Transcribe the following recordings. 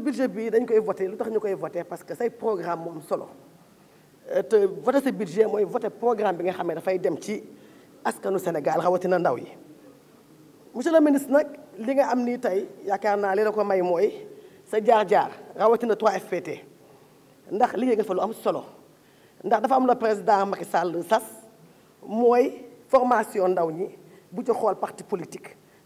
budget bi dañ koy voté lu tax parce que say programme solo euh, te ce budget moy voter programme bi nga xamé da fay dem Sénégal monsieur le ministre nak li nga am li may 3FPT ndax nga fa lu solo ndax am président Macky Sall sas moy formation ndaw ñi bu ci parti politique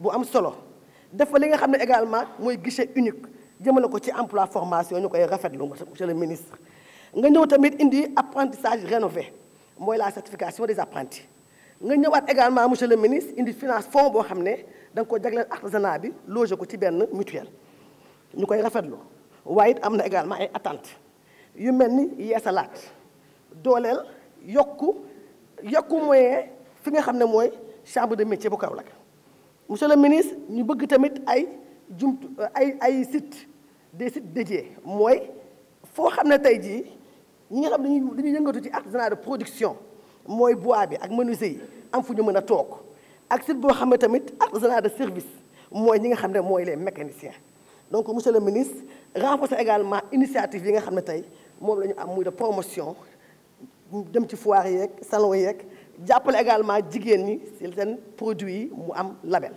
bu am solo dafa li nga xamné également moy guichet unique jëmale ko ci emploi formation ñukoy koy rafetlu monsieur le ministre. nga ñëw tamit indi apprentissage rénové moy la certification des apprentis nga ñëwaat également monsieur le ministre indi finance fonds bo xamné ne da nga ko jagleel artisanat bi loger ko ci ben mutuel ñukoy koy rafetlu waye amna également ay attentes yu melni yessalat dolel yokku yokku moyen fi nga xamné moy chambre de métier bu Kaolack monsieur le ministre ñu bëgg tamit ay jumtu ay ay sites des sites dédiés mooy fo xam tay ji ñi nga xam dañuy dañuy yëngatu ci artisanat de production moy bois bi ak menuisier am fu ñu mën a ak site bo xam tamit artisanat de service moy ñi nga xam ne mooy les mécaniciens donc monsieur le ministre renforcer également initiative yi nga xam tay mom lañu am muy de promotion dem ci foire yeeg salon yeeg jàppale également jigéen ni c'est un produit qui mu am label